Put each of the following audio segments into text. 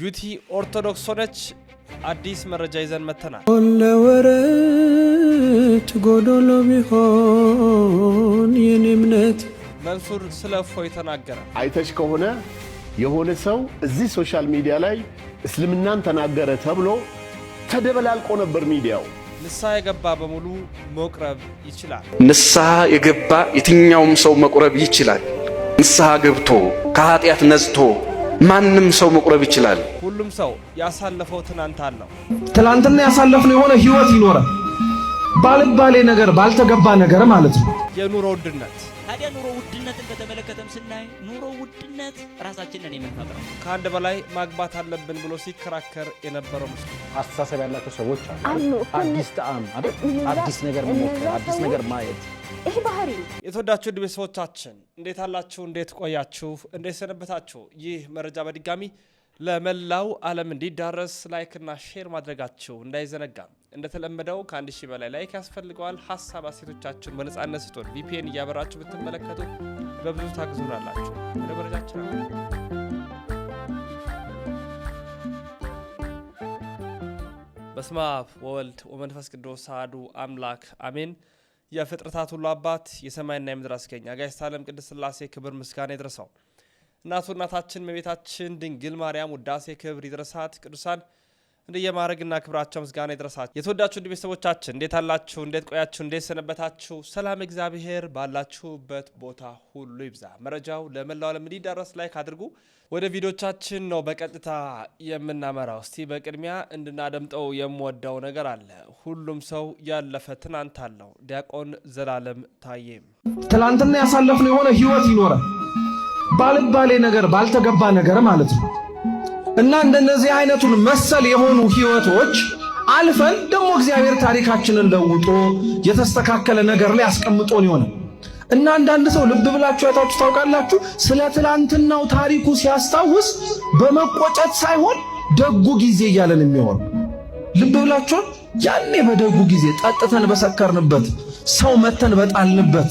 ዩቲ ኦርቶዶክስ ሆነች። አዲስ መረጃ ይዘን መተናል። ለወረት ጎዶሎ ቢሆን ይህን እምነት መንሱር ስለ እፎይ ተናገረ። አይተች ከሆነ የሆነ ሰው እዚህ ሶሻል ሚዲያ ላይ እስልምናን ተናገረ ተብሎ ተደበላልቆ ነበር ሚዲያው። ንስሐ የገባ በሙሉ መቁረብ ይችላል። ንስሐ የገባ የትኛውም ሰው መቁረብ ይችላል። ንስሐ ገብቶ ከኃጢአት ነጽቶ ማንም ሰው መቁረብ ይችላል። ሁሉም ሰው ያሳለፈው ትናንት አለው። ትናንትና ያሳለፍነው የሆነ ህይወት ይኖራል። ባልባሌ ነገር፣ ባልተገባ ነገር ማለት ነው የኑሮ ውድነት ታዲያ ኑሮ ውድነትን በተመለከተም ስናይ ኑሮ ውድነት ራሳችንን የምንፈጥረው ከአንድ በላይ ማግባት አለብን ብሎ ሲከራከር የነበረው ምስ አስተሳሰብ ያላቸው ሰዎች አሉ። አዲስ ጣዕም፣ አዲስ ነገር መሞከር፣ አዲስ ነገር ማየት ይህ ባህሪ። የተወዳችሁ ሰዎቻችን እንዴት አላችሁ? እንዴት ቆያችሁ? እንዴት ሰነበታችሁ? ይህ መረጃ በድጋሚ ለመላው ዓለም እንዲዳረስ ላይክና ሼር ማድረጋችሁ እንዳይዘነጋ። እንደተለመደው ከአንድ ሺህ በላይ ላይክ ያስፈልገዋል። ሀሳብ አሴቶቻችሁን በነጻነት ስቶን ቪፒኤን እያበራችሁ ብትመለከቱ በብዙ ታግዙናላችሁ። ወደ መረጃችን በስመ አብ ወወልድ ወመንፈስ ቅዱስ አሐዱ አምላክ አሜን። የፍጥረታት ሁሉ አባት የሰማይና የምድር አስገኛ ጋይስታለም ቅድስት ሥላሴ ክብር ምስጋና ይድረሰው። እናቱ እናታችን እመቤታችን ድንግል ማርያም ውዳሴ ክብር ይድረሳት። ቅዱሳን እንደየማድረግና ክብራቸው ምስጋና ይድረሳት። የተወዳችሁ እንዲ ቤተሰቦቻችን እንዴት አላችሁ? እንዴት ቆያችሁ? እንዴት ሰነበታችሁ? ሰላም እግዚአብሔር ባላችሁበት ቦታ ሁሉ ይብዛ። መረጃው ለመላው ዓለም እንዲዳረስ ላይክ አድርጉ። ወደ ቪዲዮቻችን ነው በቀጥታ የምናመራው። እስቲ በቅድሚያ እንድናደምጠው የምወደው ነገር አለ። ሁሉም ሰው ያለፈ ትናንት አለው። ዲያቆን ዘላለም ታዬ ትናንትና ያሳለፍነው የሆነ ህይወት ይኖራል ባልባሌ ነገር ባልተገባ ነገር ማለት ነው። እና እንደነዚህ አይነቱን መሰል የሆኑ ህይወቶች አልፈን ደግሞ እግዚአብሔር ታሪካችንን ለውጦ የተስተካከለ ነገር ላይ አስቀምጦን ይሆነ እና አንዳንድ ሰው ልብ ብላችሁ አይታችሁ ታውቃላችሁ? ስለ ትላንትናው ታሪኩ ሲያስታውስ በመቆጨት ሳይሆን ደጉ ጊዜ እያለን የሚሆን ልብ ብላችሁን ያኔ በደጉ ጊዜ ጠጥተን በሰከርንበት ሰው መተን በጣልንበት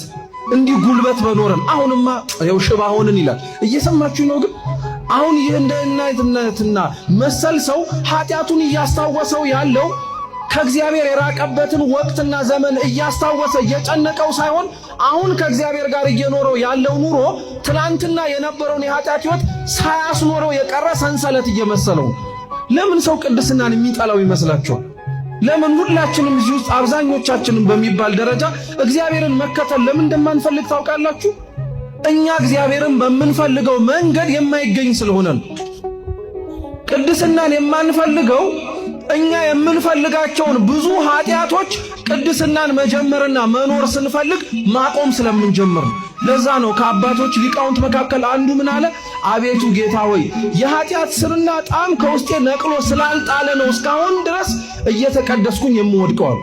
እንዲህ ጉልበት በኖረን አሁንማ ያው ሽባ ሆንን ይላል። እየሰማችሁ ነው ግን አሁን ይህ እንደ እናትነትና መሰል ሰው ኃጢአቱን እያስታወሰው ያለው ከእግዚአብሔር የራቀበትን ወቅትና ዘመን እያስታወሰ እየጨነቀው ሳይሆን አሁን ከእግዚአብሔር ጋር እየኖረው ያለው ኑሮ ትላንትና የነበረውን የኃጢአት ሕይወት ሳያስኖረው የቀረ ሰንሰለት እየመሰለው። ለምን ሰው ቅድስናን የሚጠላው ይመስላችኋል? ለምን ሁላችንም እዚህ ውስጥ አብዛኞቻችንም በሚባል ደረጃ እግዚአብሔርን መከተል ለምን እንደማንፈልግ ታውቃላችሁ? እኛ እግዚአብሔርን በምንፈልገው መንገድ የማይገኝ ስለሆነ ነው። ቅድስናን የማንፈልገው እኛ የምንፈልጋቸውን ብዙ ኃጢአቶች ቅድስናን መጀመርና መኖር ስንፈልግ ማቆም ስለምንጀምር ነው። ለዛ ነው ከአባቶች ሊቃውንት መካከል አንዱ ምን አለ? አቤቱ ጌታ ሆይ የኃጢአት ስርና ጣዕም ከውስጤ ነቅሎ ስላልጣለ ነው እስካሁን ድረስ እየተቀደስኩኝ የምወድቀዋል።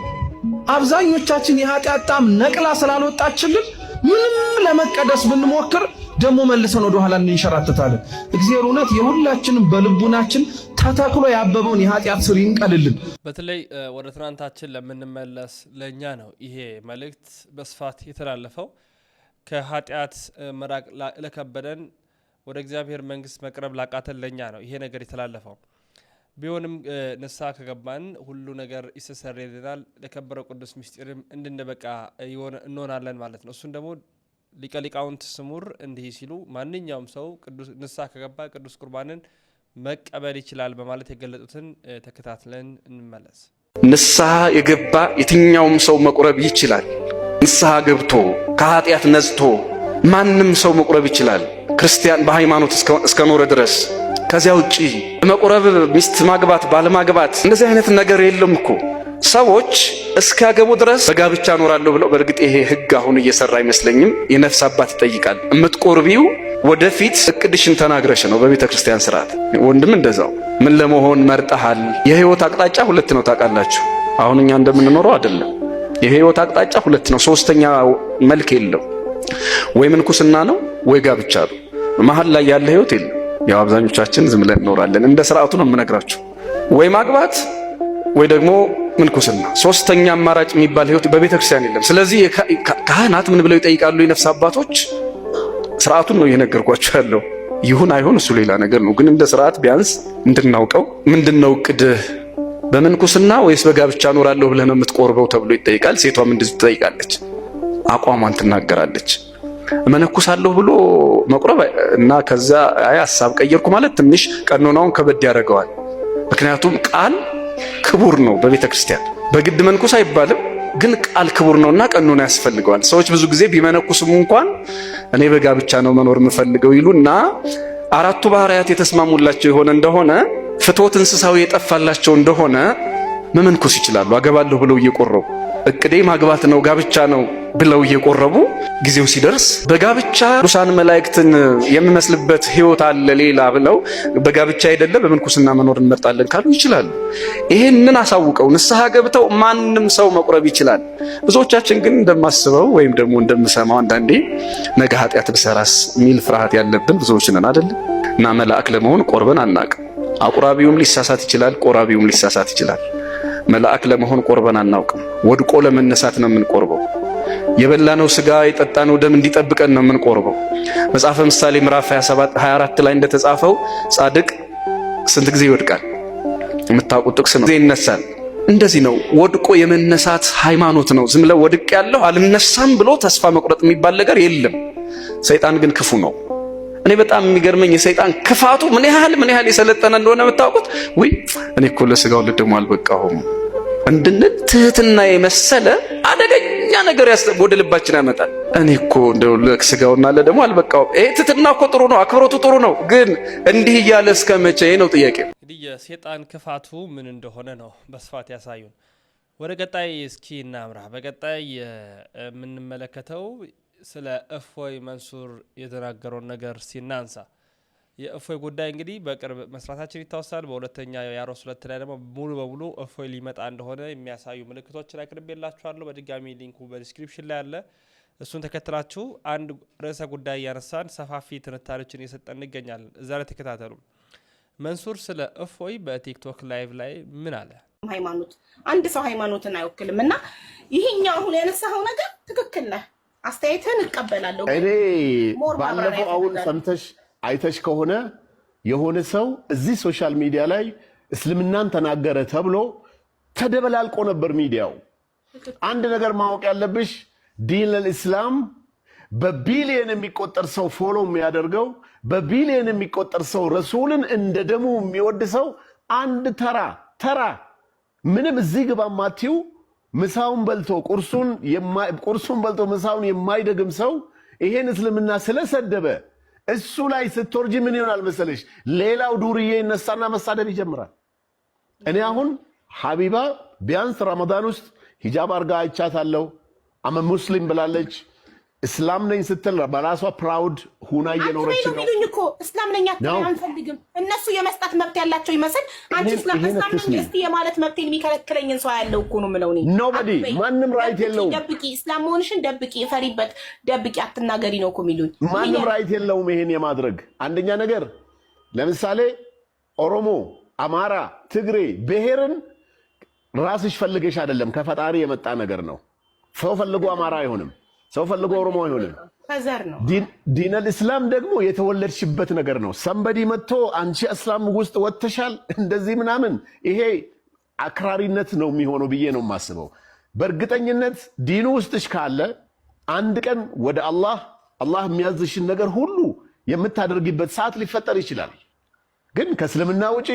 አብዛኞቻችን የኃጢአት ጣዕም ነቅላ ስላልወጣችልን ምንም ለመቀደስ ብንሞክር ደግሞ መልሰን ወደ ኋላ እንንሸራተታለን። እግዚአብሔር እውነት የሁላችንም በልቡናችን ተተክሎ ያበበውን የኃጢአት ስር ይንቀልልን። በተለይ ወደ ትናንታችን ለምንመለስ ለእኛ ነው ይሄ መልእክት በስፋት የተላለፈው። ከኃጢአት መራቅ ለከበደን ወደ እግዚአብሔር መንግስት መቅረብ ላቃተን ለእኛ ነው ይሄ ነገር የተላለፈው። ቢሆንም ንስሐ ከገባን ሁሉ ነገር ይስተሰርይልናል፣ ለከበረ ቅዱስ ምስጢርም እንድንበቃ እንሆናለን ማለት ነው። እሱን ደግሞ ሊቀ ሊቃውንት ስሙር እንዲህ ሲሉ ማንኛውም ሰው ንስሐ ከገባ ቅዱስ ቁርባንን መቀበል ይችላል በማለት የገለጹትን ተከታትለን እንመለስ። ንስሐ የገባ የትኛውም ሰው መቁረብ ይችላል። ንስሐ ገብቶ ከኃጢአት ነጽቶ ማንም ሰው መቁረብ ይችላል፣ ክርስቲያን በሃይማኖት እስከኖረ ድረስ። ከዚያ ውጪ መቁረብ፣ ሚስት ማግባት፣ ባለማግባት እንደዚህ አይነት ነገር የለም እኮ ሰዎች እስኪያገቡ ድረስ በጋብቻ እኖራለሁ ብለው። በእርግጥ ይሄ ህግ አሁን እየሰራ አይመስለኝም። የነፍስ አባት ይጠይቃል። እምትቆርቢው ወደፊት እቅድሽን ተናግረሽ ነው በቤተ ክርስቲያን ስርዓት። ወንድም እንደዛው ምን ለመሆን መርጠሃል? የህይወት አቅጣጫ ሁለት ነው ታውቃላችሁ። አሁን እኛ እንደምንኖረው አይደለም። የህይወት አቅጣጫ ሁለት ነው። ሶስተኛ መልክ የለው። ወይ ምንኩስና ነው ወይ ጋብቻ ነው። መሀል ላይ ያለ ህይወት የለም። ያው አብዛኞቻችን ዝም ብለን እንኖራለን። እንደ ስርዓቱ ነው የምነግራችሁ። ወይ ማግባት ወይ ደግሞ ምንኩስና። ሶስተኛ አማራጭ የሚባል ህይወት በቤተ ክርስቲያን የለም። ስለዚህ ካህናት ምን ብለው ይጠይቃሉ? የነፍስ አባቶች ስርዓቱን ነው እየነገርኳቸው ያለው። ይሁን አይሁን እሱ ሌላ ነገር ነው። ግን እንደ ስርዓት ቢያንስ እንድናውቀው ምንድነው? ነው በምንኩስና ወይስ በጋብቻ እኖራለሁ ብለህ ነው የምትቆርበው ተብሎ ይጠይቃል። ሴቷም እንደዚህ ትጠይቃለች፣ አቋሟን ትናገራለች። መነኩሳለሁ ብሎ መቁረብ እና ከዛ አይ ሀሳብ ቀየርኩ ማለት ትንሽ ቀኖናውን ከበድ ያደርገዋል። ምክንያቱም ቃል ክቡር ነው በቤተ ክርስቲያን በግድ መንኩስ አይባልም፣ ግን ቃል ክቡር ነውና ቀኖና ያስፈልገዋል። ሰዎች ብዙ ጊዜ ቢመነኩስም እንኳን እኔ በጋብቻ ነው መኖር የምፈልገው ይሉና አራቱ ባህሪያት የተስማሙላቸው የሆነ እንደሆነ ፍትወት እንስሳዊ የጠፋላቸው እንደሆነ መመንኮስ ይችላሉ። አገባለሁ ብለው እየቆረቡ እቅዴ ማግባት ነው ጋብቻ ነው ብለው እየቆረቡ ጊዜው ሲደርስ በጋብቻ ቅዱሳን መላእክትን የምመስልበት ህይወት አለ ሌላ ብለው በጋብቻ አይደለም በምንኩስና መኖር እንመርጣለን ካሉ ይችላሉ። ይህንን አሳውቀው ንስሐ ገብተው ማንም ሰው መቁረብ ይችላል። ብዙዎቻችን ግን እንደማስበው ወይም ደግሞ እንደምሰማው አንዳንዴ ነገ ኃጢአት ብሰራስ የሚል ፍርሃት ያለብን ብዙዎች ነን አይደለም እና መላእክ ለመሆን ቆርበን አናቅም። አቁራቢውም ሊሳሳት ይችላል፣ ቆራቢውም ሊሳሳት ይችላል። መልአክ ለመሆን ቆርበን አናውቅም። ወድቆ ለመነሳት ነው የምንቆርበው። የበላነው ስጋ የጠጣነው ደም እንዲጠብቀን ነው የምንቆርበው። መጽሐፈ ምሳሌ ምዕራፍ 24 ላይ እንደተጻፈው ጻድቅ ስንት ጊዜ ይወድቃል? የምታውቁት ጥቅስ ነው። ጊዜ ይነሳል። እንደዚህ ነው። ወድቆ የመነሳት ሃይማኖት ነው። ዝም ብለው ወድቅ ያለው አልነሳም ብሎ ተስፋ መቁረጥ የሚባል ነገር የለም። ሰይጣን ግን ክፉ ነው። እኔ በጣም የሚገርመኝ የሰይጣን ክፋቱ ምን ያህል ምን ያህል የሰለጠነ እንደሆነ የምታውቁት። ውይ እኔ እኮ ለስጋው ለደሙ አልበቃሁም እንድንል ትህትና የመሰለ አደገኛ ነገር ወደ ልባችን ያመጣል። እኔ እኮ እንደው ለስጋውና ለደሙ አልበቃሁም። ይሄ ትህትና እኮ ጥሩ ነው፣ አክብሮቱ ጥሩ ነው። ግን እንዲህ እያለ እስከ መቼ ነው ጥያቄ። እንግዲህ የሰይጣን ክፋቱ ምን እንደሆነ ነው በስፋት ያሳዩን። ወደ ቀጣይ እስኪ እናምራ። በቀጣይ የምንመለከተው ስለ እፎይ መንሱር የተናገረውን ነገር ሲናንሳ የእፎይ ጉዳይ እንግዲህ በቅርብ መስራታችን ይታወሳል። በሁለተኛ የአሮስ ሁለት ላይ ደግሞ ሙሉ በሙሉ እፎይ ሊመጣ እንደሆነ የሚያሳዩ ምልክቶችን አቅርቤላችኋለሁ። በድጋሚ ሊንኩ በዲስክሪፕሽን ላይ አለ። እሱን ተከትላችሁ አንድ ርዕሰ ጉዳይ እያነሳን ሰፋፊ ትንታኔዎችን እየሰጠን እንገኛለን። እዛ ላይ ተከታተሉ። መንሱር ስለ እፎይ በቲክቶክ ላይቭ ላይ ምን አለ? ሃይማኖት አንድ ሰው ሃይማኖትን አይወክልም እና ይህኛው አሁን ያነሳኸው ነገር ትክክል ነህ። አስተያየትህን እቀበላለሁ። እኔ ባለፈው አሁን ሰምተሽ አይተሽ ከሆነ የሆነ ሰው እዚህ ሶሻል ሚዲያ ላይ እስልምናን ተናገረ ተብሎ ተደበላልቆ ነበር ሚዲያው። አንድ ነገር ማወቅ ያለብሽ ዲን ኢስላም በቢሊየን የሚቆጠር ሰው ፎሎ የሚያደርገው በቢሊየን የሚቆጠር ሰው ረሱልን እንደ ደሙ የሚወድ ሰው አንድ ተራ ተራ ምንም እዚህ ግባ ማቲው ምሳውን በልቶ ቁርሱን ቁርሱን በልቶ ምሳውን የማይደግም ሰው ይሄን እስልምና ስለሰደበ እሱ ላይ ስትወርጂ ምን ይሆናል መሰለሽ? ሌላው ዱርዬ ይነሳና መሳደብ ይጀምራል። እኔ አሁን ሀቢባ ቢያንስ ረመዳን ውስጥ ሂጃብ አርጋ አይቻታለሁ። አመ ሙስሊም ብላለች። እስላም ነኝ ስትል በራሷ ፕራውድ ሁና እየኖረች ነው ሚሉኝ እኮ እስላም ነኝ አንፈልግም። እነሱ የመስጠት መብት ያላቸው ይመስል አንቺ እስላም ነኝ የማለት መብት የሚከለክለኝን ሰው ያለው እኮ ነው የምለው። ኖበዲ ማንም ራይት የለውም። ደብቂ፣ እስላም መሆንሽን ደብቂ፣ የፈሪበት ደብቂ፣ አትናገሪ ነው እኮ የሚሉኝ። ማንም ራይት የለውም ይሄን የማድረግ አንደኛ ነገር። ለምሳሌ ኦሮሞ፣ አማራ፣ ትግሬ ብሔርን ራስሽ ፈልገሽ አይደለም ከፈጣሪ የመጣ ነገር ነው። ሰው ፈልጎ አማራ አይሆንም ሰው ፈልጎ ኦሮሞ አይሆንም። ዲነል እስላም ደግሞ የተወለድሽበት ነገር ነው። ሰንበዲ መጥቶ አንቺ እስላም ውስጥ ወጥተሻል እንደዚህ ምናምን፣ ይሄ አክራሪነት ነው የሚሆነው ብዬ ነው የማስበው። በእርግጠኝነት ዲኑ ውስጥሽ ካለ አንድ ቀን ወደ አላህ አላህ የሚያዝሽን ነገር ሁሉ የምታደርጊበት ሰዓት ሊፈጠር ይችላል። ግን ከእስልምና ውጪ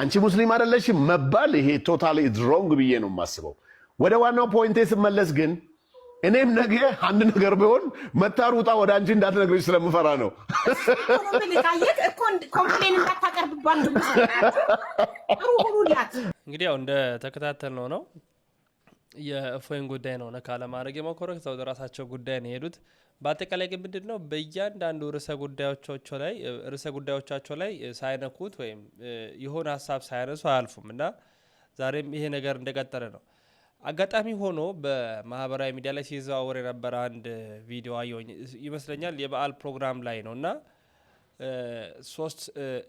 አንቺ ሙስሊም አይደለሽም መባል ይሄ ቶታሊ ድሮንግ ብዬ ነው የማስበው። ወደ ዋናው ፖይንቴ ስመለስ ግን እኔም ነገ አንድ ነገር ቢሆን መታር ውጣ ወደ አንቺ እንዳትነግረች ስለምፈራ ነው። እንግዲህ ያው እንደተከታተል ነው ነው የእፎይን ጉዳይ ነው ነካ ለማድረግ የሞከሩት ራሳቸው ጉዳይ ነው የሄዱት። በአጠቃላይ ግን ምንድን ነው በእያንዳንዱ ርዕሰ ጉዳዮቻቸው ላይ ርዕሰ ጉዳዮቻቸው ላይ ሳይነኩት ወይም የሆነ ሀሳብ ሳያነሱ አያልፉም እና ዛሬም ይሄ ነገር እንደቀጠለ ነው። አጋጣሚ ሆኖ በማህበራዊ ሚዲያ ላይ ሲዘዋወር የነበረ አንድ ቪዲዮ አየሁኝ ይመስለኛል የበዓል ፕሮግራም ላይ ነው እና ሶስት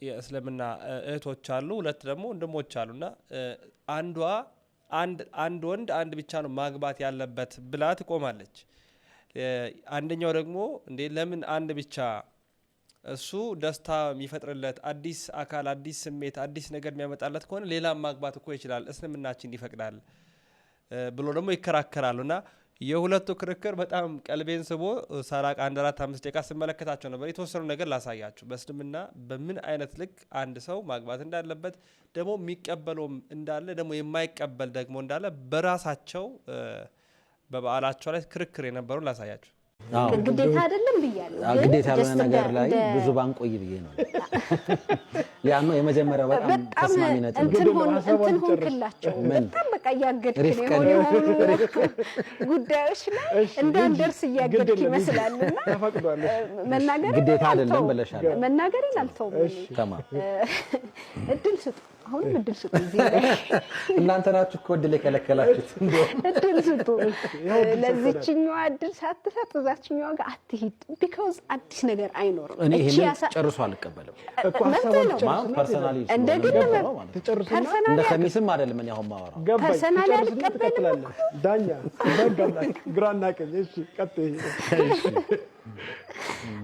የእስልምና እህቶች አሉ፣ ሁለት ደግሞ ወንድሞች አሉ እና አንዷ አንድ ወንድ አንድ ብቻ ነው ማግባት ያለበት ብላ ትቆማለች። አንደኛው ደግሞ እንዴ ለምን አንድ ብቻ እሱ ደስታ የሚፈጥርለት አዲስ አካል፣ አዲስ ስሜት፣ አዲስ ነገር የሚያመጣለት ከሆነ ሌላም ማግባት እኮ ይችላል፣ እስልምናችን ይፈቅዳል ብሎ ደግሞ ይከራከራሉ እና የሁለቱ ክርክር በጣም ቀልቤን ስቦ ሰራቅ አንድ አራት አምስት ደቂቃ ስመለከታቸው ነበር። የተወሰኑ ነገር ላሳያችሁ። በእስልምና በምን አይነት ልክ አንድ ሰው ማግባት እንዳለበት ደግሞ የሚቀበለውም እንዳለ ደግሞ የማይቀበል ደግሞ እንዳለ በራሳቸው በበዓላቸው ላይ ክርክር የነበሩ ላሳያችሁ። ግዴታ አይደለም ብያለሁ። ግዴታ ያልሆነ ነገር ላይ ብዙ ባንቆይ ብዬ ነው። ያን ነው የመጀመሪያው። በጣም ተስማሚ ነጥብ እንትን ሆንክላቸው። በጣም በቃ እያገድክ የሆነ የሆኑ ጉዳዮች ላይ እንዳንደርስ እያገድክ ይመስላልና መናገር ግዴታ አይደለም ብለሻል። መናገርን አልተውም። እድል ስጡ አሁን እድል ስጡ። እናንተ ናችሁ እኮ እድል የከለከላችሁት። እድል ስጡ። ለዚችኛዋ እድል ሳትሰጥ እዛችኛዋ ጋር አትሂድ። ቢካውዝ አዲስ ነገር አይኖርም። እኔ ይሄንን ጨርሶ አልቀበልም። እንደ ከሚስም አይደለም። እኔ አሁን ማወራው ፐርሰናሊ አልቀበልም። ዳኛ ግራና ቀኝ። እሺ ቀጥ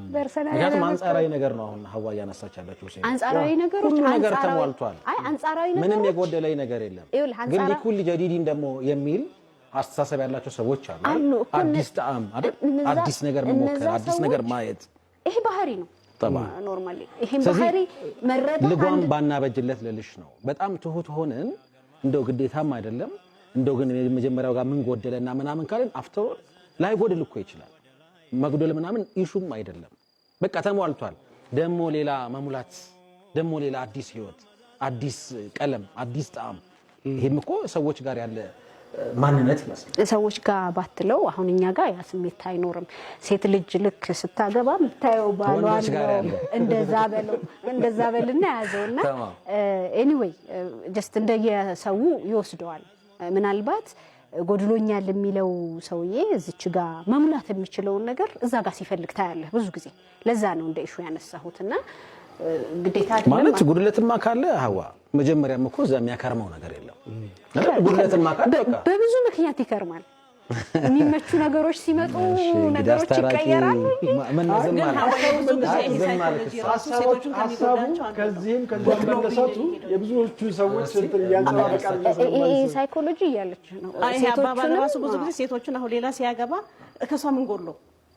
ምክንያቱም አንጻራዊ ነገር ነው። አሁን ሀዋ እያነሳች ያለችው አንጻራዊ ነገሮች ሁሉ ነገር ተሟልቷል። ምንም የጎደለኝ ነገር የለም። ግን ሊኩል ጀዲዲን ደግሞ የሚል አስተሳሰብ ያላቸው ሰዎች አሉ። አዲስ ጣዕም፣ አዲስ ነገር መሞከር፣ አዲስ ነገር ማየት ይሄ ባህሪ ነው። ልጓም ባናበጅለት ልልሽ ነው። በጣም ትሁት ሆነን እንደው ግዴታም አይደለም እንደው ግን የመጀመሪያው ጋር ምን ጎደለና ምናምን ካለን አፍተሮል ላይ ጎድል እኮ ይችላል መጉደል ምናምን ኢሹም አይደለም። በቃ ተሟልቷል። ደሞ ሌላ መሙላት፣ ደሞ ሌላ አዲስ ህይወት፣ አዲስ ቀለም፣ አዲስ ጣዕም። ይህም እኮ ሰዎች ጋር ያለ ማንነት ይመስላል። ሰዎች ጋር ባትለው አሁን እኛ ጋር ያ ስሜት አይኖርም። ሴት ልጅ ልክ ስታገባ የምታየው ባሏ እንደዛ በለው እንደዛ በልና ያዘው እና ኤኒዌይ ጀስት እንደየሰው ይወስደዋል ምናልባት ጎድሎኛል የሚለው ሰውዬ እዚች ጋ መሙላት የሚችለውን ነገር እዛ ጋር ሲፈልግ ታያለህ ብዙ ጊዜ። ለዛ ነው እንደ ኢሹ ያነሳሁትና ግዴታ ማለት ጉድለትማ ካለ ሀዋ መጀመሪያም እኮ እዛ የሚያከርመው ነገር የለም። ጉድለትማ ካለ በብዙ ምክንያት ይከርማል። የሚመቹ ነገሮች ሲመጡ ነገሮች ይቀየራሉ። ከዚህም የብዙዎቹ ሰዎች ሳይኮሎጂ እያለች ነው። አሁን ሌላ ሲያገባ ከሷ ምን ጎሎ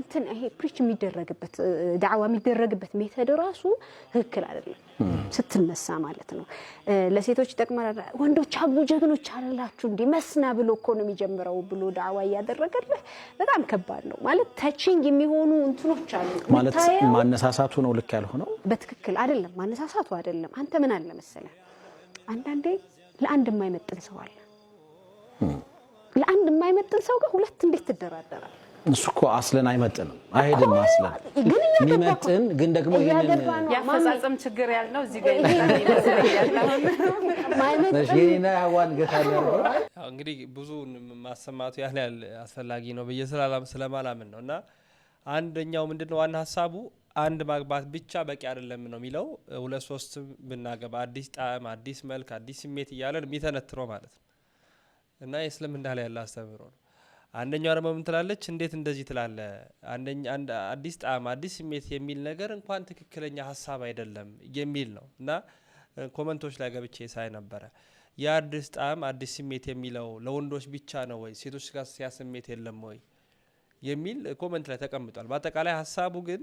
እንትን ይሄ ፕሪች የሚደረግበት ዳዕዋ የሚደረግበት ሜተድ ራሱ ትክክል አይደለም። ስትነሳ ማለት ነው። ለሴቶች ይጠቅማል። ወንዶች አሉ ጀግኖች አላችሁ እንዲህ መስና ብሎ እኮ ነው የሚጀምረው ብሎ ዳዕዋ እያደረገልህ በጣም ከባድ ነው ማለት ተቺንግ የሚሆኑ እንትኖች አሉ። ማለት ማነሳሳቱ ነው ልክ ያልሆነው። በትክክል አይደለም፣ ማነሳሳቱ አይደለም። አንተ ምን አለ መሰለህ አንዳንዴ ለአንድ የማይመጥን ሰው አለ። ለአንድ የማይመጥን ሰው ጋር ሁለት እንዴት ትደራደራል? እሱ እኮ አስለን አይመጥንም፣ አይሄድም። አስለን የሚመጥን ግን ደግሞ ያፈጻጸም ችግር ያልነው እዚህ ጋር ይህና ያዋን ገታ እንግዲህ ብዙ ማሰማቱ ያህል ያህል አስፈላጊ ነው ብዬ ስለማላምን ነው። እና አንደኛው ምንድን ነው ዋና ሀሳቡ አንድ ማግባት ብቻ በቂ አይደለም ነው የሚለው። ሁለት ሶስት ብናገባ አዲስ ጣዕም፣ አዲስ መልክ፣ አዲስ ስሜት እያለን የሚተነትሮ ማለት ነው እና የእስልምና ላይ ያለ አስተምህሮ ነው አንደኛው ደግሞ ምን ትላለች? እንዴት እንደዚህ ትላለ? አዲስ ጣዕም፣ አዲስ ስሜት የሚል ነገር እንኳን ትክክለኛ ሀሳብ አይደለም የሚል ነው እና ኮመንቶች ላይ ገብቼ ሳይ ነበረ። የአዲስ ጣዕም አዲስ ስሜት የሚለው ለወንዶች ብቻ ነው ወይ? ሴቶች ጋር ሲያ ስሜት የለም ወይ የሚል ኮመንት ላይ ተቀምጧል። በአጠቃላይ ሀሳቡ ግን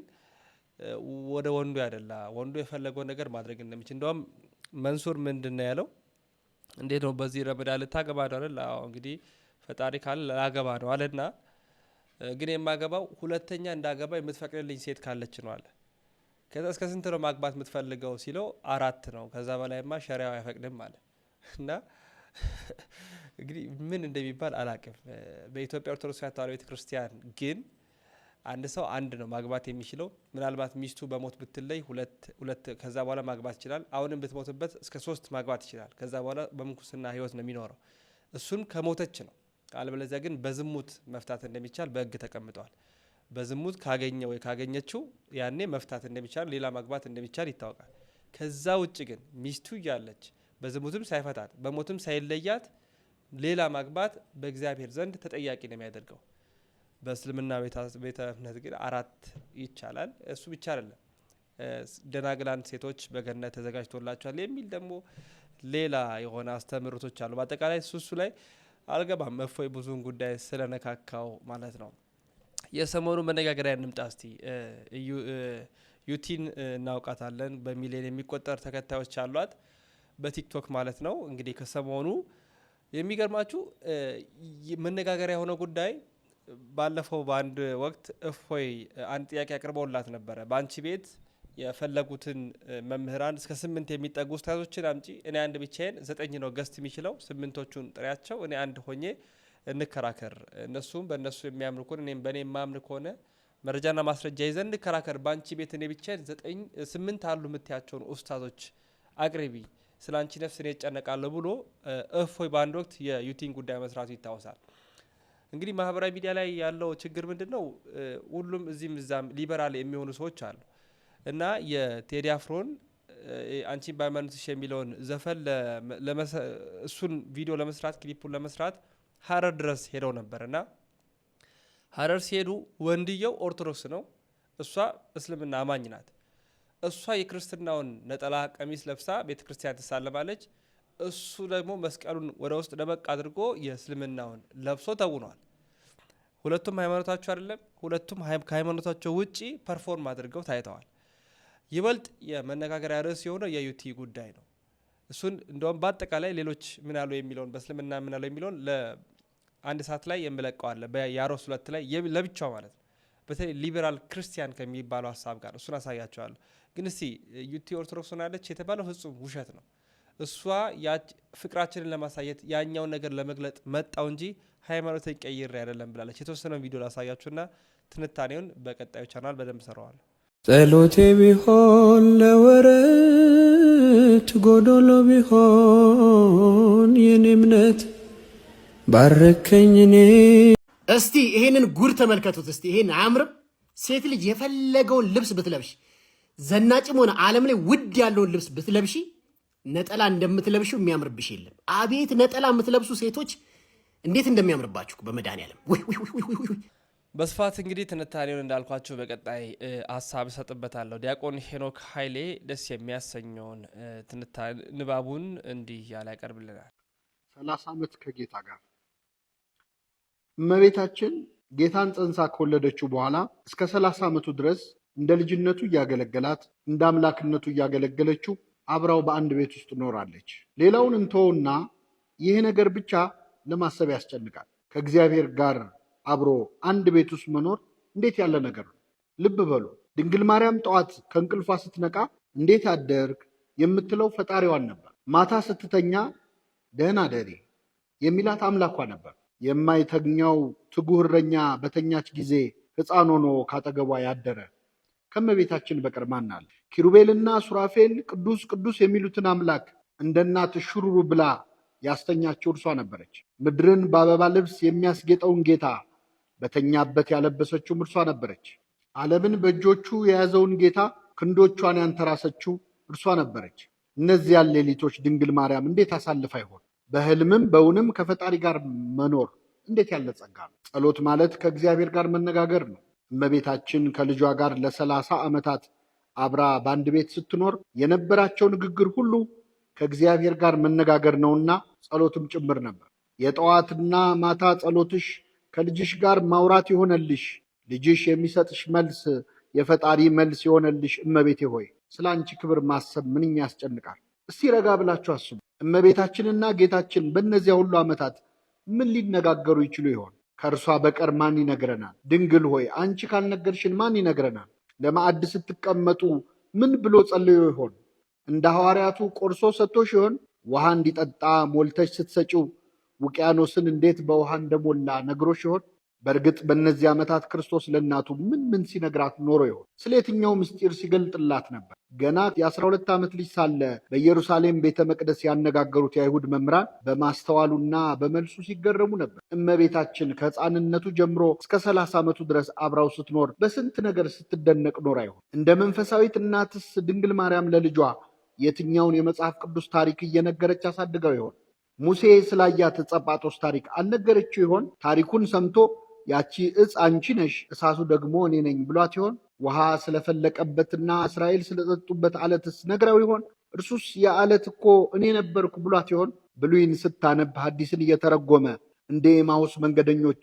ወደ ወንዱ ያደላ ወንዱ የፈለገው ነገር ማድረግ እንደሚችል እንደውም መንሱር ምንድን ነው ያለው? እንዴት ነው በዚህ ረመዳን ልታገባ ነው እንግዲህ ፈጣሪ ካለ ላገባ ነው አለና ግን የማገባው ሁለተኛ እንዳገባ የምትፈቅድልኝ ሴት ካለች ነው አለ። ከዛ እስከ ስንት ነው ማግባት የምትፈልገው ሲለው አራት ነው፣ ከዛ በላይማ ሸሪያው አይፈቅድም አለ እና እንግዲህ ምን እንደሚባል አላቅም። በኢትዮጵያ ኦርቶዶክስ ተዋሕዶ ቤተ ክርስቲያን ግን አንድ ሰው አንድ ነው ማግባት የሚችለው። ምናልባት ሚስቱ በሞት ብትለይ ሁለት ከዛ በኋላ ማግባት ይችላል። አሁንም ብትሞትበት እስከ ሶስት ማግባት ይችላል። ከዛ በኋላ በምንኩስና ህይወት ነው የሚኖረው። እሱን ከሞተች ነው አለበለዚያ ግን በዝሙት መፍታት እንደሚቻል በህግ ተቀምጠዋል። በዝሙት ካገኘ ወይ ካገኘችው ያኔ መፍታት እንደሚቻል ሌላ ማግባት እንደሚቻል ይታወቃል። ከዛ ውጭ ግን ሚስቱ እያለች በዝሙትም ሳይፈታት በሞትም ሳይለያት ሌላ ማግባት በእግዚአብሔር ዘንድ ተጠያቂ ነው የሚያደርገው። በእስልምና ቤተ እምነት ግን አራት ይቻላል። እሱ ብቻ አይደለም። ደናግላን ሴቶች በገነት ተዘጋጅቶላቸዋል የሚል ደግሞ ሌላ የሆነ አስተምህሮቶች አሉ። በአጠቃላይ ሱሱ ላይ አልገባም። እፎይ ብዙውን ጉዳይ ስለነካካው ማለት ነው። የሰሞኑ መነጋገሪያ እንምጣ እስቲ። ዩቲን እናውቃታለን። በሚሊዮን የሚቆጠር ተከታዮች አሏት በቲክቶክ ማለት ነው። እንግዲህ ከሰሞኑ የሚገርማችሁ መነጋገሪያ የሆነ ጉዳይ ባለፈው በአንድ ወቅት እፎይ አንድ ጥያቄ አቅርበውላት ነበረ በአንቺ ቤት የፈለጉትን መምህራን እስከ ስምንት የሚጠጉ ውስታዞችን አምጪ። እኔ አንድ ብቻዬን ዘጠኝ ነው ገስት የሚችለው፣ ስምንቶቹን ጥሪያቸው እኔ አንድ ሆኜ እንከራከር፣ እነሱም በእነሱ የሚያምኑ ከሆነ እኔም በእኔ የማምን ከሆነ መረጃና ማስረጃ ይዘን እንከራከር። በአንቺ ቤት እኔ ብቻዬን ዘጠኝ ስምንት አሉ የምትያቸውን ውስታዞች አቅርቢ፣ ስለ አንቺ ነፍስ እኔ እጨነቃለሁ ብሎ እፎይ በአንድ ወቅት የዩቲን ጉዳይ መስራቱ ይታወሳል። እንግዲህ ማህበራዊ ሚዲያ ላይ ያለው ችግር ምንድን ነው? ሁሉም እዚህም እዛም ሊበራል የሚሆኑ ሰዎች አሉ። እና የቴዲ አፍሮን አንቺ በሃይማኖትሽ የሚለውን ዘፈን እሱን ቪዲዮ ለመስራት ክሊፑን ለመስራት ሀረር ድረስ ሄደው ነበር እና ሀረር ሲሄዱ ወንድየው ኦርቶዶክስ ነው፣ እሷ እስልምና አማኝ ናት። እሷ የክርስትናውን ነጠላ ቀሚስ ለብሳ ቤተ ክርስቲያን ትሳለማለች። እሱ ደግሞ መስቀሉን ወደ ውስጥ ደበቅ አድርጎ የእስልምናውን ለብሶ ተውኗል። ሁለቱም ሃይማኖታቸው አይደለም፣ ሁለቱም ከሃይማኖታቸው ውጪ ፐርፎርም አድርገው ታይተዋል። ይበልጥ የመነጋገሪያ ርዕስ የሆነ የዩቲ ጉዳይ ነው። እሱን እንደውም በአጠቃላይ ሌሎች ምን አሉ የሚለውን በእስልምና ምን አሉ የሚለውን ለአንድ ሰዓት ላይ የምለቀዋለ የአሮስ ሁለት ላይ ለብቻው ማለት ነው። በተለይ ሊበራል ክርስቲያን ከሚባለው ሀሳብ ጋር እሱን አሳያቸዋለሁ። ግን እስቲ ዩቲ ኦርቶዶክስ ሆናለች የተባለው ፍጹም ውሸት ነው። እሷ ፍቅራችንን ለማሳየት ያኛውን ነገር ለመግለጥ መጣው እንጂ ሃይማኖትን ቀይሬ አይደለም ብላለች። የተወሰነ ቪዲዮ ላሳያችሁና ትንታኔውን በቀጣዩ ቻናል በደንብ ሰራዋለሁ። ጸሎቴ ቢሆን ለወረት ጎዶሎ ቢሆን የኔ እምነት ባረከኝ። እኔ እስቲ ይሄንን ጉድ ተመልከቱት። እስቲ ይሄን አያምርም? ሴት ልጅ የፈለገውን ልብስ ብትለብሽ፣ ዘናጭም ሆነ ዓለም ላይ ውድ ያለውን ልብስ ብትለብሺ፣ ነጠላ እንደምትለብሽው የሚያምርብሽ የለም። አቤት ነጠላ የምትለብሱ ሴቶች እንዴት እንደሚያምርባችሁ በመድኃኔዓለም በስፋት እንግዲህ ትንታኔውን እንዳልኳችሁ በቀጣይ ሀሳብ እሰጥበታለሁ። ዲያቆን ሄኖክ ኃይሌ ደስ የሚያሰኘውን ትንታኔ ንባቡን እንዲህ ያለ ያቀርብልናል። ሰላሳ ዓመት ከጌታ ጋር እመቤታችን ጌታን ጸንሳ ከወለደችው በኋላ እስከ ሰላሳ ዓመቱ ድረስ እንደ ልጅነቱ እያገለገላት እንደ አምላክነቱ እያገለገለችው አብራው በአንድ ቤት ውስጥ ኖራለች። ሌላውን እንተውና ይሄ ነገር ብቻ ለማሰብ ያስጨንቃል። ከእግዚአብሔር ጋር አብሮ አንድ ቤት ውስጥ መኖር እንዴት ያለ ነገር ነው! ልብ በሉ ድንግል ማርያም ጠዋት ከእንቅልፏ ስትነቃ እንዴት አደርግ የምትለው ፈጣሪዋን ነበር። ማታ ስትተኛ ደህና ደሪ የሚላት አምላኳ ነበር። የማይተኛው ትጉህ እረኛ በተኛች ጊዜ ሕፃን ሆኖ ካጠገቧ ያደረ ከመቤታችን በቀር ማን አለ? ኪሩቤልና ሱራፌል ቅዱስ ቅዱስ የሚሉትን አምላክ እንደ እናት ሹሩሩ ብላ ያስተኛችው እርሷ ነበረች። ምድርን በአበባ ልብስ የሚያስጌጠውን ጌታ በተኛበት ያለበሰችውም እርሷ ነበረች። ዓለምን በእጆቹ የያዘውን ጌታ ክንዶቿን ያንተራሰችው እርሷ ነበረች። እነዚያን ሌሊቶች ድንግል ማርያም እንዴት አሳልፍ አይሆን? በሕልምም በእውንም ከፈጣሪ ጋር መኖር እንዴት ያለ ጸጋ ነው! ጸሎት ማለት ከእግዚአብሔር ጋር መነጋገር ነው። እመቤታችን ከልጇ ጋር ለሰላሳ ዓመታት አብራ በአንድ ቤት ስትኖር የነበራቸው ንግግር ሁሉ ከእግዚአብሔር ጋር መነጋገር ነውና ጸሎትም ጭምር ነበር። የጠዋትና ማታ ጸሎትሽ ከልጅሽ ጋር ማውራት ይሆነልሽ። ልጅሽ የሚሰጥሽ መልስ የፈጣሪ መልስ የሆነልሽ እመቤቴ ሆይ ስለ አንቺ ክብር ማሰብ ምንኛ ያስጨንቃል። እስቲ ረጋ ብላችሁ አስቡ። እመቤታችንና ጌታችን በእነዚያ ሁሉ ዓመታት ምን ሊነጋገሩ ይችሉ ይሆን? ከእርሷ በቀር ማን ይነግረናል? ድንግል ሆይ አንቺ ካልነገርሽን ማን ይነግረናል? ለማዕድ ስትቀመጡ ምን ብሎ ጸልዮ ይሆን? እንደ ሐዋርያቱ ቆርሶ ሰጥቶሽ ይሆን? ውሃ እንዲጠጣ ሞልተሽ ስትሰጪው ውቅያኖስን እንዴት በውሃ እንደሞላ ነግሮሽ ይሆን? በእርግጥ በእነዚህ ዓመታት ክርስቶስ ለእናቱ ምን ምን ሲነግራት ኖሮ ይሆን? ስለ የትኛው ምስጢር ሲገልጥላት ነበር? ገና የአስራ ሁለት ዓመት ልጅ ሳለ በኢየሩሳሌም ቤተ መቅደስ ያነጋገሩት የአይሁድ መምህራን በማስተዋሉና በመልሱ ሲገረሙ ነበር። እመቤታችን ከሕፃንነቱ ጀምሮ እስከ ሰላሳ ዓመቱ ድረስ አብራው ስትኖር በስንት ነገር ስትደነቅ ኖር አይሆን? እንደ መንፈሳዊት እናትስ ድንግል ማርያም ለልጇ የትኛውን የመጽሐፍ ቅዱስ ታሪክ እየነገረች አሳድገው ይሆን? ሙሴ ስላያት ዕፀ ጳጦስ ታሪክ አልነገረችው ይሆን? ታሪኩን ሰምቶ ያቺ ዕፅ አንቺ ነሽ፣ እሳቱ ደግሞ እኔ ነኝ ብሏት ይሆን? ውሃ ስለፈለቀበትና እስራኤል ስለጠጡበት አለትስ ነግራው ይሆን? እርሱስ የአለት እኮ እኔ ነበርኩ ብሏት ይሆን? ብሉይን ስታነብ ሐዲስን እየተረጎመ እንደ ኤማሁስ መንገደኞች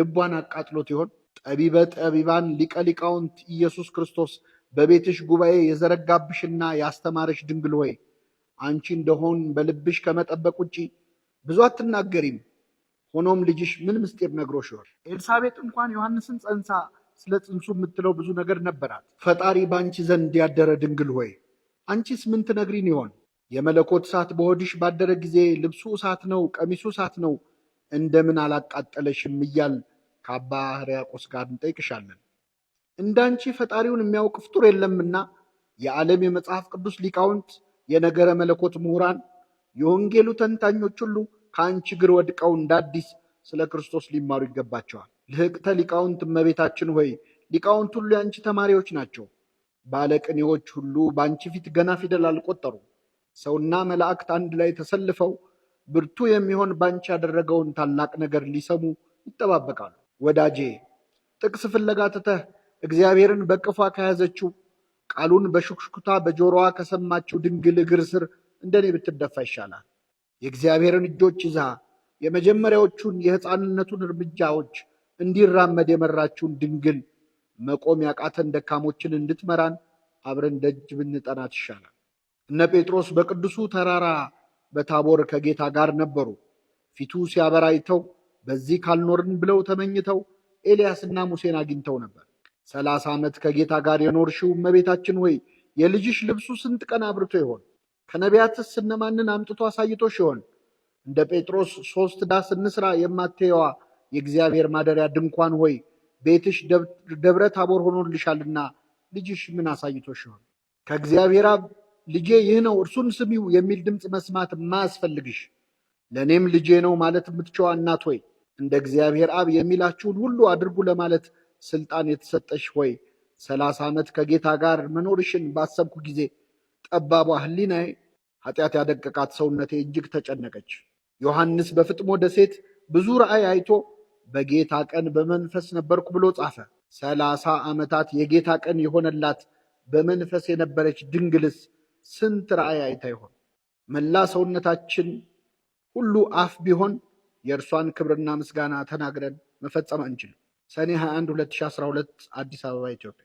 ልቧን አቃጥሎት ይሆን? ጠቢበ ጠቢባን ሊቀ ሊቃውንት ኢየሱስ ክርስቶስ በቤትሽ ጉባኤ የዘረጋብሽና ያስተማረሽ ድንግል ሆይ አንቺ እንደሆን በልብሽ ከመጠበቅ ውጪ ብዙ አትናገሪም። ሆኖም ልጅሽ ምን ምስጢር ነግሮሽ ይሆን? ኤልሳቤጥ እንኳን ዮሐንስን ጸንሳ ስለ ጽንሱ የምትለው ብዙ ነገር ነበራት። ፈጣሪ በአንቺ ዘንድ ያደረ ድንግል ሆይ አንቺስ ምን ትነግሪን ይሆን? የመለኮት እሳት በሆድሽ ባደረ ጊዜ ልብሱ እሳት ነው፣ ቀሚሱ እሳት ነው፣ እንደምን አላቃጠለሽም? እያል ከአባ ሕርያቆስ ጋር እንጠይቅሻለን። እንዳንቺ ፈጣሪውን የሚያውቅ ፍጡር የለምና የዓለም የመጽሐፍ ቅዱስ ሊቃውንት የነገረ መለኮት ምሁራን፣ የወንጌሉ ተንታኞች ሁሉ ከአንቺ እግር ወድቀው እንደ አዲስ ስለ ክርስቶስ ሊማሩ ይገባቸዋል። ልህቅተ ሊቃውንት እመቤታችን ሆይ ሊቃውንት ሁሉ የአንቺ ተማሪዎች ናቸው። ባለቅኔዎች ሁሉ በአንቺ ፊት ገና ፊደል አልቆጠሩ። ሰውና መላእክት አንድ ላይ ተሰልፈው ብርቱ የሚሆን ባንቺ ያደረገውን ታላቅ ነገር ሊሰሙ ይጠባበቃሉ። ወዳጄ ጥቅስ ፍለጋ ትተህ እግዚአብሔርን በቅፏ ከያዘችው ቃሉን በሹክሹክታ በጆሮዋ ከሰማችው ድንግል እግር ስር እንደኔ ብትደፋ ይሻላል። የእግዚአብሔርን እጆች ይዛ የመጀመሪያዎቹን የሕፃንነቱን እርምጃዎች እንዲራመድ የመራችውን ድንግል መቆም ያቃተን ደካሞችን እንድትመራን አብረን ደጅ ብንጠናት ይሻላል። እነ ጴጥሮስ በቅዱሱ ተራራ በታቦር ከጌታ ጋር ነበሩ። ፊቱ ሲያበራይተው በዚህ ካልኖርን ብለው ተመኝተው ኤልያስና ሙሴን አግኝተው ነበር። ሰላሳ ዓመት ከጌታ ጋር የኖርሽው እመቤታችን ሆይ የልጅሽ ልብሱ ስንት ቀን አብርቶ ይሆን? ከነቢያትስ እነማንን አምጥቶ አሳይቶሽ ይሆን? እንደ ጴጥሮስ ሶስት ዳስ እንስራ የማትየዋ የእግዚአብሔር ማደሪያ ድንኳን ሆይ ቤትሽ ደብረ ታቦር ሆኖልሻልና ልጅሽ ምን አሳይቶሽ ይሆን? ከእግዚአብሔር አብ ልጄ ይህ ነው እርሱን ስሚው የሚል ድምፅ መስማት ማያስፈልግሽ ለእኔም ልጄ ነው ማለት የምትችዋ እናት ሆይ እንደ እግዚአብሔር አብ የሚላችሁን ሁሉ አድርጉ ለማለት ስልጣን የተሰጠሽ ሆይ ሰላሳ ዓመት ከጌታ ጋር መኖርሽን ባሰብኩ ጊዜ ጠባቧ ሕሊናዬ ኃጢአት ያደቀቃት ሰውነቴ እጅግ ተጨነቀች። ዮሐንስ በፍጥሞ ደሴት ብዙ ራእይ አይቶ በጌታ ቀን በመንፈስ ነበርኩ ብሎ ጻፈ። ሰላሳ ዓመታት የጌታ ቀን የሆነላት በመንፈስ የነበረች ድንግልስ ስንት ራእይ አይታ ይሆን? መላ ሰውነታችን ሁሉ አፍ ቢሆን የእርሷን ክብርና ምስጋና ተናግረን መፈጸም አንችልም። ሰኔ 21 2012 አዲስ አበባ ኢትዮጵያ።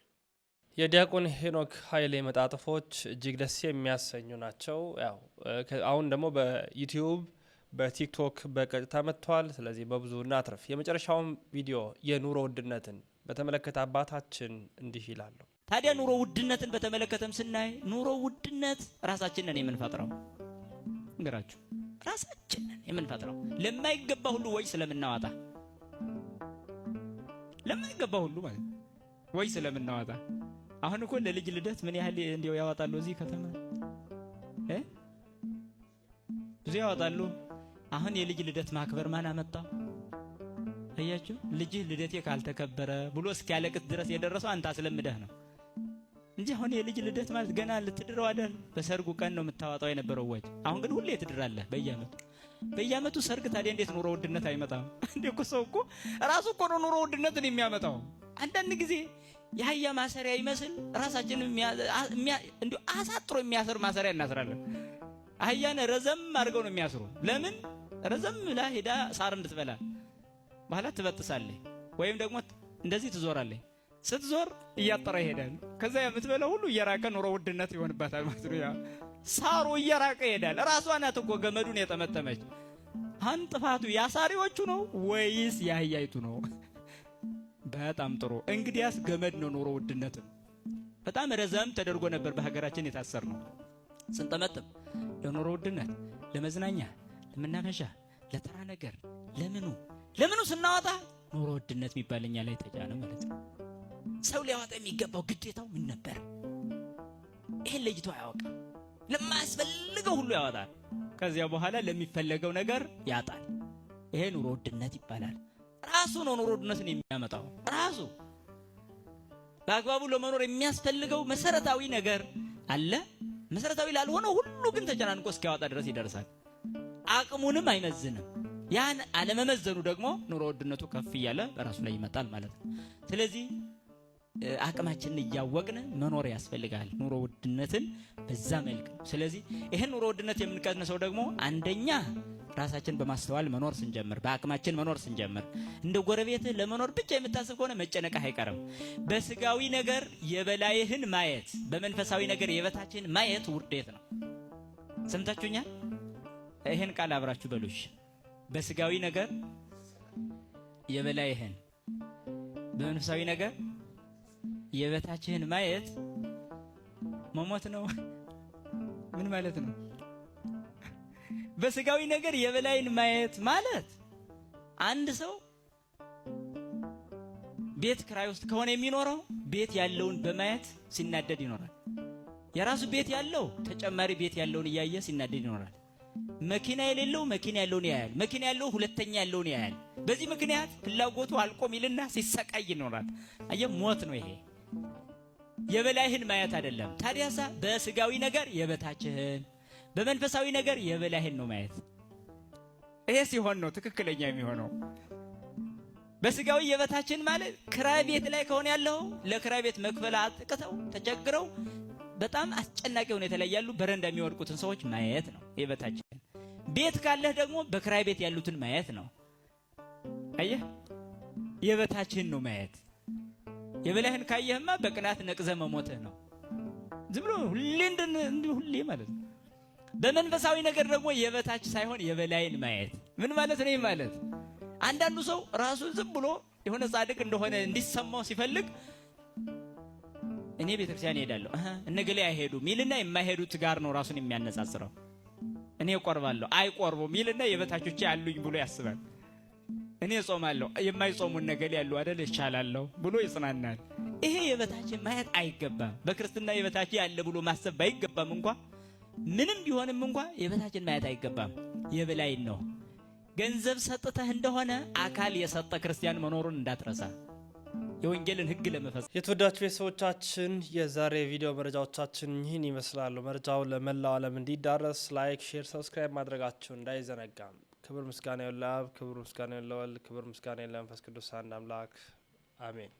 የዲያቆን ሄኖክ ኃይሌ መጣጥፎች እጅግ ደስ የሚያሰኙ ናቸው። ያው አሁን ደግሞ በዩቲዩብ በቲክቶክ በቀጥታ መጥተዋል። ስለዚህ በብዙ እናትርፍ። የመጨረሻውን ቪዲዮ የኑሮ ውድነትን በተመለከተ አባታችን እንዲህ ይላሉ። ታዲያ ኑሮ ውድነትን በተመለከተም ስናይ ኑሮ ውድነት ራሳችንን የምንፈጥረው ነገራችሁ፣ ራሳችንን የምንፈጥረው ለማይገባ ሁሉ ወጪ ስለምናዋጣ ለማይገባ ሁሉ ማለት ወይ ስለምናወጣ አሁን እኮ ለልጅ ልደት ምን ያህል እንዲያው ያወጣሉ እዚህ ከተማ እ ብዙ ያወጣሉ። አሁን የልጅ ልደት ማክበር ማን አመጣ? አያችሁ፣ ልጅህ ልደቴ ካልተከበረ ብሎ እስኪያለቅት ድረስ የደረሰው አንተ አስለምደህ ነው እንጂ አሁን የልጅ ልደት ማለት ገና ልትድረው አይደል? በሰርጉ ቀን ነው የምታወጣው የነበረው ወጭ። አሁን ግን ሁሌ ትድራለህ በየአመቱ በየአመቱ ሰርግ ታዲያ እንዴት ኑሮ ውድነት አይመጣም እንዴ? እኮ ሰው እኮ ራሱ እኮ ነው ኑሮ ውድነትን የሚያመጣው። አንዳንድ ጊዜ የአህያ ማሰሪያ ይመስል ራሳችን እንዲሁ አሳጥሮ የሚያስር ማሰሪያ እናስራለን። አህያን ረዘም አድርገው ነው የሚያስሩ። ለምን ረዘም ላ ሄዳ ሳር እንድትበላ በኋላ ትበጥሳለህ፣ ወይም ደግሞ እንደዚህ ትዞራለህ። ስትዞር እያጠረ ይሄዳል። ከዛ የምትበላው ሁሉ እየራቀ ኑሮ ውድነት ይሆንባታል ማለት ነው። ሳሩ እየራቀ ይሄዳል። ራሷ ናት እኮ ገመዱን የጠመጠመች። አን ጥፋቱ ያሳሪዎቹ ነው ወይስ ያህያይቱ ነው? በጣም ጥሩ። እንግዲያስ ገመድ ነው ኑሮ ውድነት። በጣም ረዘም ተደርጎ ነበር በሀገራችን የታሰር ነው ስንጠመጥም ለኑሮ ውድነት፣ ለመዝናኛ፣ ለመናፈሻ፣ ለተራ ነገር ለምኑ ለምኑ ስናወጣ ኑሮ ውድነት የሚባለኛ ላይ ተጫነ ማለት ነው። ሰው ሊያወጣ የሚገባው ግዴታው ምን ነበር? ይህን ለይቶ አያወቅም። ለማያስፈልገው ሁሉ ያወጣል። ከዚያ በኋላ ለሚፈለገው ነገር ያጣል። ይሄ ኑሮ ውድነት ይባላል። ራሱ ነው ኑሮ ውድነትን የሚያመጣው ራሱ። በአግባቡ ለመኖር የሚያስፈልገው መሰረታዊ ነገር አለ። መሰረታዊ ላልሆነው ሁሉ ግን ተጨናንቆ እስኪያወጣ ድረስ ይደርሳል። አቅሙንም አይመዝንም። ያን አለመመዘኑ ደግሞ ኑሮ ውድነቱ ከፍ እያለ በራሱ ላይ ይመጣል ማለት ነው። ስለዚህ አቅማችንን እያወቅን መኖር ያስፈልጋል። ኑሮ ውድነትን በዛ መልክ ነው። ስለዚህ ይህን ኑሮ ውድነት የምንቀንሰው ደግሞ አንደኛ ራሳችን በማስተዋል መኖር ስንጀምር፣ በአቅማችን መኖር ስንጀምር፣ እንደ ጎረቤት ለመኖር ብቻ የምታስብ ከሆነ መጨነቅህ አይቀርም። በስጋዊ ነገር የበላይህን ማየት፣ በመንፈሳዊ ነገር የበታችን ማየት ውርደት ነው። ሰምታችሁኛል? ይህን ቃል አብራችሁ በሉሽ። በስጋዊ ነገር የበላይህን፣ በመንፈሳዊ ነገር የበታችህን ማየት መሞት ነው። ምን ማለት ነው? በስጋዊ ነገር የበላይን ማየት ማለት አንድ ሰው ቤት ክራይ ውስጥ ከሆነ የሚኖረው ቤት ያለውን በማየት ሲናደድ ይኖራል። የራሱ ቤት ያለው ተጨማሪ ቤት ያለውን እያየ ሲናደድ ይኖራል። መኪና የሌለው መኪና ያለውን ያያል። መኪና ያለው ሁለተኛ ያለውን ያያል። በዚህ ምክንያት ፍላጎቱ አልቆም ይልና ሲሰቃይ ይኖራል። አየ ሞት ነው ይሄ። የበላይህን ማየት አይደለም። ታዲያሳ በስጋዊ ነገር የበታችህን፣ በመንፈሳዊ ነገር የበላይህን ነው ማየት። ይሄ ሲሆን ነው ትክክለኛ የሚሆነው። በስጋዊ የበታችን ማለት ክራይ ቤት ላይ ከሆነ ያለው ለክራይ ቤት መክፈል አጥቅተው ተቸግረው በጣም አስጨናቂ ሁኔታ ላይ ያሉ በረንዳ የሚወድቁትን ሰዎች ማየት ነው የበታችን። ቤት ካለህ ደግሞ በክራይ ቤት ያሉትን ማየት ነው። አየህ፣ የበታችን ነው ማየት የበላይህን ካየህማ በቅናት ነቅዘ መሞትህ ነው። ዝም ብሎ ሁሌ እንዲሁ ሁሌ ማለት ነው። በመንፈሳዊ ነገር ደግሞ የበታች ሳይሆን የበላይን ማየት ምን ማለት ነው? ማለት አንዳንዱ ሰው ራሱን ዝም ብሎ የሆነ ጻድቅ እንደሆነ እንዲሰማው ሲፈልግ እኔ ቤተክርስቲያን እሄዳለሁ ገሌ አይሄዱ ሚልና የማይሄዱት ጋር ነው ራሱን የሚያነጻጽረው። እኔ እቆርባለሁ አይቆርቡም ሚልና የበታቾቼ አሉኝ ብሎ ያስባል። እኔ ጾማለሁ የማይጾሙን ነገር ያሉ አይደል ይቻላለሁ ብሎ ይጽናናል። ይሄ የበታች ማየት አይገባም። በክርስትና የበታች ያለ ብሎ ማሰብ ባይገባም እንኳ ምንም ቢሆንም እንኳ የበታችን ማየት አይገባም። የበላይን ነው። ገንዘብ ሰጥተህ እንደሆነ አካል የሰጠ ክርስቲያን መኖሩን እንዳትረሳ የወንጌልን ሕግ ለመፈጸም የተወዳችሁ የሰዎቻችን የዛሬ ቪዲዮ መረጃዎቻችን ይህን ይመስላሉ። መረጃውን ለመላው ዓለም እንዲዳረስ ላይክ፣ ሼር፣ ሰብስክራይብ ማድረጋችሁ እንዳይዘነጋም ክብር ምስጋና ለአብ፣ ክብር ምስጋና ለወልድ፣ ክብር ምስጋና ለመንፈስ ቅዱስ አንድ አምላክ አሜን።